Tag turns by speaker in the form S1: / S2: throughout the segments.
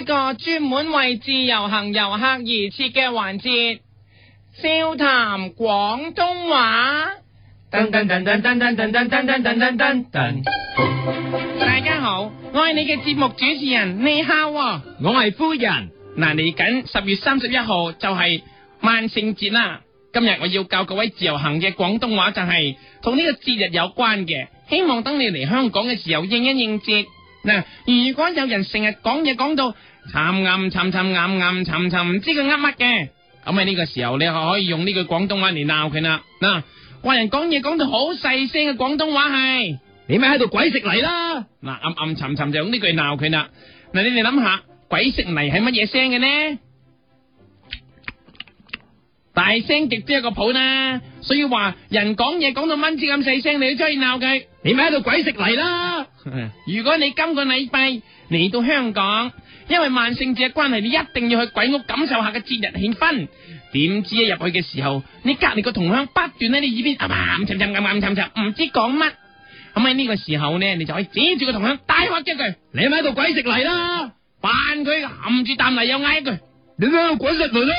S1: 一個專門為自由行遊客而設嘅環節，笑談廣東話。噔噔噔噔噔噔噔噔噔噔噔噔
S2: 噔。
S1: 大家好，我係你嘅節目主持人你好喎，我係夫人。嗱，嚟緊十月三十一號就係萬聖節啦。今日我要教各位自由行嘅廣東話，就係同呢個節日有關嘅。希望等你嚟香港嘅時候，應一應節。嗱，如果有人成日講嘢講到暗暗沉沉、暗暗沉沉，唔知佢噏乜嘅，咁喺呢個時候，你可可以用呢句廣東話嚟鬧佢啦。嗱，話人講嘢講到好細聲嘅廣東話係，
S2: 你咪喺度鬼食泥啦。
S1: 嗱，暗暗沉沉就用呢句鬧佢啦。嗱，你哋諗下，鬼食泥係乜嘢聲嘅呢？大聲極都一個譜啦，所以話人講嘢講到蚊子咁細聲，你都中意鬧佢，你咪喺度鬼食泥啦！如果你今個禮拜嚟到香港，因為萬聖節嘅關係，你一定要去鬼屋感受下嘅節日氣氛。點知一入去嘅時候，你隔籬個同鄉不斷喺你耳邊啊吧咁沉沉咁啊唔知講乜。咁喺呢個時候呢，你就可以指住個同鄉大喝一句：你咪喺度鬼食泥啦！扮佢含住啖泥又嗌一句。你咩鬼食泥咧？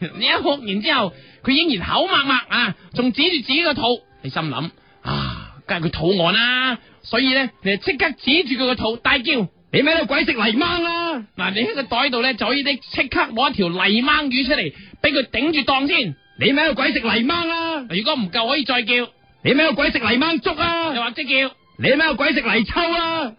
S1: 你一學完之後，佢仍然口默默啊，仲指住自己個肚。你心諗啊，梗係佢肚餓啦。所以咧，你就即刻指住佢個肚大叫：你咩鬼食泥掹啦、啊？嗱， 你喺個袋度咧就可以即刻攞一條泥掹魚出嚟，俾佢頂住檔先。你咪咩鬼食泥掹啦、啊？ 如果唔夠可以再叫。 你咪咩鬼食泥掹粥啊？又或者叫你咪咩鬼食泥鰍啦、啊？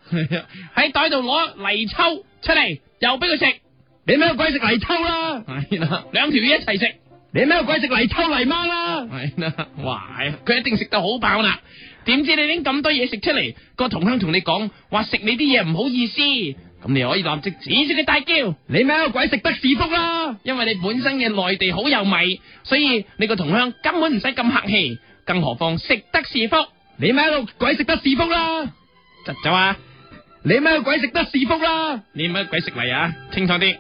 S1: 喺 袋度攞泥鰍出嚟，又俾佢食。你咪鬼食泥鰍啦、啊？係啦，兩 條魚一齊食。你咪鬼食
S2: 泥鰍泥媽啦、啊？係啦
S1: 哇，佢一定食得好飽啦。點知你拎咁多嘢食出嚟，個同鄉同你講話食你啲嘢唔好意思。咁你可以立即指識佢大叫。你咪鬼食得是福啦、啊？因為你本身嘅內地好有米，所以你個同鄉根本唔使咁客氣。更何況食得是福、啊，你咪鬼食得是福啦？疾走啊！你咪鬼食得是福啦、啊？你咪鬼食泥啊，啊？清楚啲。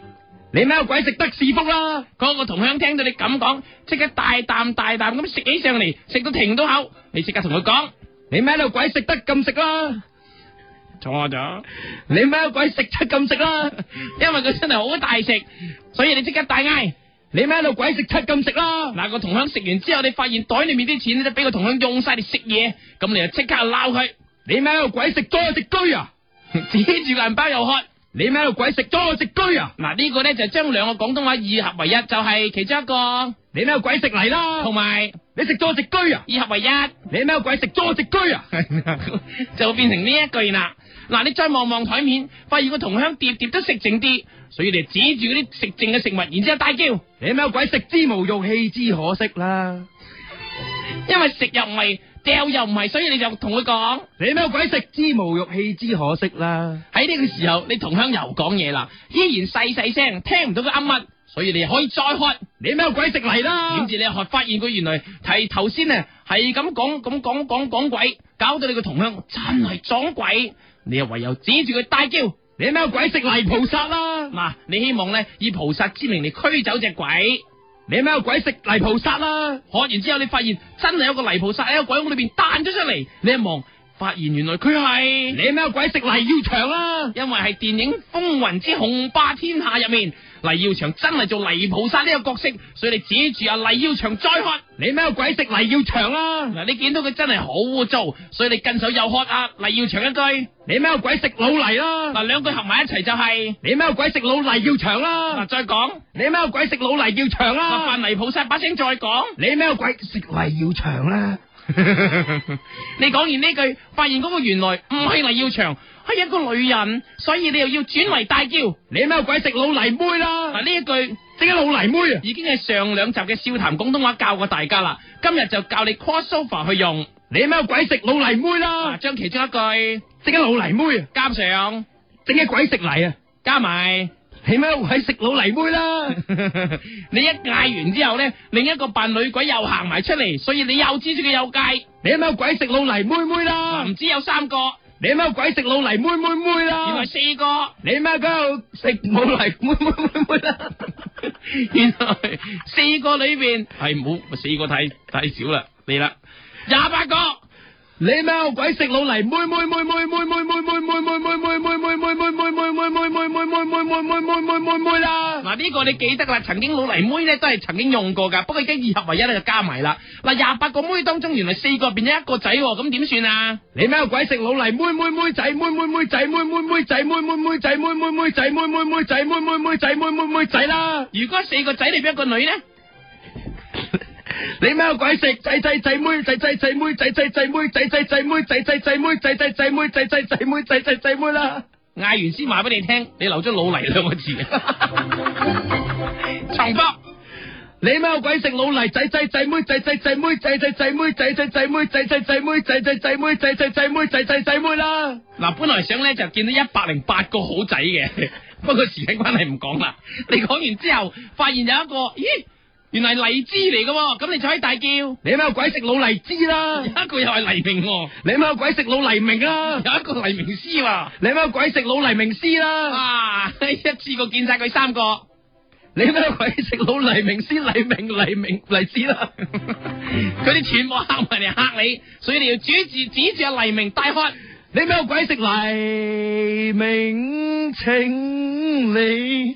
S1: 你咩鬼食得是福啦、啊？嗰、那個同鄉聽到你咁講，即刻大啖大啖咁食起上嚟，食到停到口。你即刻同佢講，你咩鬼食得咁食啦？坐下咗，你咩鬼食七咁食啦？因為佢真係好大食，所以你即刻大嗌，你咩鬼食七咁食啦？嗱、那，個同鄉食完之後，你發現袋裏面啲錢都俾個同鄉用晒嚟食嘢，咁你就即刻鬧佢，你咩鬼食咗隻車啊？指 住銀包又喝。」你咪鬼食咗我隻車啊？嗱、啊這個、呢、就是、將兩個咧就將兩個廣東話二合為一，就係、是、其中一個。你咪鬼食泥啦？同埋有你食咗我隻車啊？二合為一。你咪鬼食咗我隻車啊？ 就變成呢一句啦。嗱、啊，你再望望台面，發現個同鄉碟碟都食剩啲，所以你指住嗰啲食剩嘅食物，然之後大叫：你咪鬼食之無用，棄之可惜啦！ 因為食入味。掉，又唔係，所以你就同佢講，你咩鬼食之無欲，棄之可惜啦。喺呢個時候，你同鄉又講嘢啦，依然細細聲，聽唔到佢噏乜，所以你可以再喝，你咩鬼食泥啦。點知你喝，發現佢原來係頭先啊，係咁講咁講講講鬼，搞到你個同鄉真係撞鬼。你又唯有指住佢大叫，你咩鬼食泥，菩薩啦。嗱，你希望咧以菩薩之名嚟驅走隻鬼。你喵鬼食泥菩薩啦、啊？看完之後你發現真係有個泥菩薩喺個鬼屋裏邊彈咗出嚟，你一望發現原來佢係你喵鬼食泥妖長啦？因為係電影《風雲之雄霸天下》入面。黎耀祥真係做黎菩薩呢個角色，所以你指住阿黎耀祥再喝，你咪鬼食黎耀祥啦、啊？嗱，你見到佢真係好污糟，所以你跟手又喝阿黎耀祥一句，你咪鬼食老黎啦、啊？嗱，兩句合埋一齊就係、是、你咪鬼食老黎耀祥啦、啊？嗱說，再講你咪鬼食老黎耀祥啦、啊？扮黎菩薩把聲再講說，
S2: 你咪鬼食黎耀祥啦、啊？
S1: 你講完呢句，發現嗰個原來唔係黎耀祥，係一個女人，所以你又要轉為大叫。你咩鬼食老泥妹啦？嗱，呢一句整嘅老泥妹啊，妹啊已經係上兩集嘅笑談廣東話教過大家啦。今日就教你 cross over 去用。你咩鬼食老泥妹啦、啊？將其中一句整嘅老泥妹、啊、加上，整嘅鬼食泥啊，加埋。你乜鬼食老泥妹啦？你一嗌完之後咧，另一個扮女鬼又行埋出嚟，所以你又知自己有計，你乜鬼食老泥妹妹啦？唔知有三個，
S2: 你乜鬼食老泥妹
S1: 妹妹啦？原來四個，你乜鬼食老泥妹妹妹妹啦？原來四個裏邊係冇，四個太太少啦，你啦，
S2: 廿八個，你乜鬼食老泥妹妹妹妹妹妹妹妹妹妹妹妹妹妹？妹妹妹
S1: 妹啦！嗱，呢個你記得啦，曾經老泥妹咧都係曾經用過噶，不過已經二合為一咧就加埋啦。嗱，廿八個妹當中，原來四個變咗一個仔，咁點算啊？
S2: 你咩鬼食老泥妹妹妹仔妹妹妹仔妹妹妹仔妹妹妹仔妹妹妹仔妹妹妹仔妹妹妹仔啦？如果四個仔你變一個女咧？你咩鬼食仔仔仔妹仔仔仔妹仔仔仔妹仔仔仔妹仔仔仔妹仔仔仔妹仔仔仔妹啦？
S1: 嗌完先話俾你聽，你留咗老泥兩
S2: 個字，長 伯不，你乜鬼食老泥仔仔仔妹仔仔仔妹仔仔仔妹仔仔仔妹仔仔仔妹仔仔仔妹仔仔仔妹仔仔仔妹啦！
S1: 嗱，本來想咧就見到一百零八個好仔嘅，不過時間關係唔講啦。你講完之後，發現有一個咦？原來荔枝嚟嘅，咁你就可以大叫。你乜鬼食老荔枝啦，啊？一個 又係黎明，啊，你乜鬼食老黎明啦，啊？ 有一個黎明詩啊， 你乜鬼食老黎明詩啦？ 啊，一次過見晒佢三個，
S2: 你乜鬼食老黎明詩、黎明、黎明、荔枝啦？
S1: 佢哋全部吓埋嚟吓你，所以要主指指 你要指住指住黎明大
S2: 喝：你乜鬼食黎明，請你！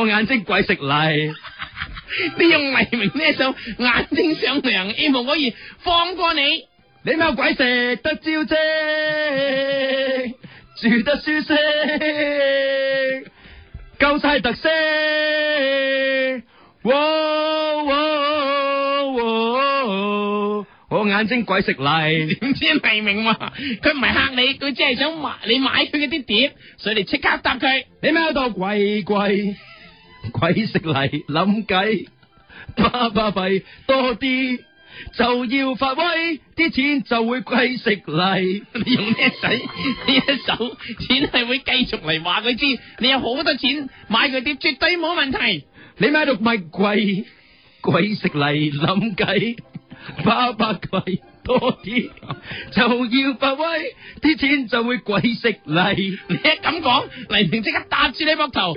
S2: 我眼睛鬼食
S1: 泥，你用黎明呢一首眼睛上梁，希望可以放過你。
S2: 你咪鬼食得招積，住得舒適，夠晒特色。我
S1: 眼睛鬼食泥，點知黎明嘛？佢唔係吓你，佢只係想買你買佢
S2: 嗰啲碟，所以你即刻答佢。你咪喺度鬼鬼？鬼食泥諗計，巴巴幣多啲就要發威，啲錢就會鬼食泥。你用咩使，呢一手
S1: 錢係會繼續嚟，話佢知。你有好多錢買佢啲，絕對冇問題。
S2: 你咪喺度賣鬼鬼食泥諗計，巴巴鬼多啲就要發威，啲錢就會鬼食泥。
S1: 你一咁講，黎明即刻搭住你膊頭。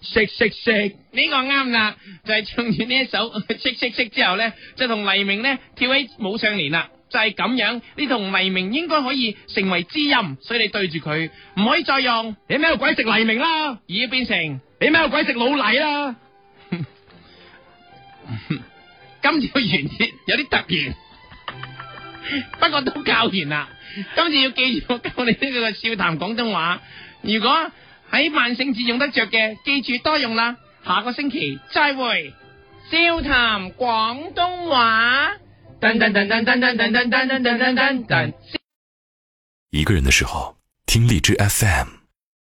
S2: 食食食，
S1: 呢個啱啦，就係、是、唱完呢一首食食食之後咧，就同黎明咧跳起舞上連啦，就係、是、咁樣。你同黎明應該可以成為知音，所以你對住佢唔可以再用。 你咩鬼食黎明啦？而家變成 你咩鬼食老黎啦？ 今次嘅完結有啲突然， 不過都教完啦。今次要記住我教你呢個笑談廣東話，如果。喺萬聖節用得着嘅，記住多用啦。下個星期再會，笑談廣東話。
S2: 一個人嘅時候，聽荔枝 FM。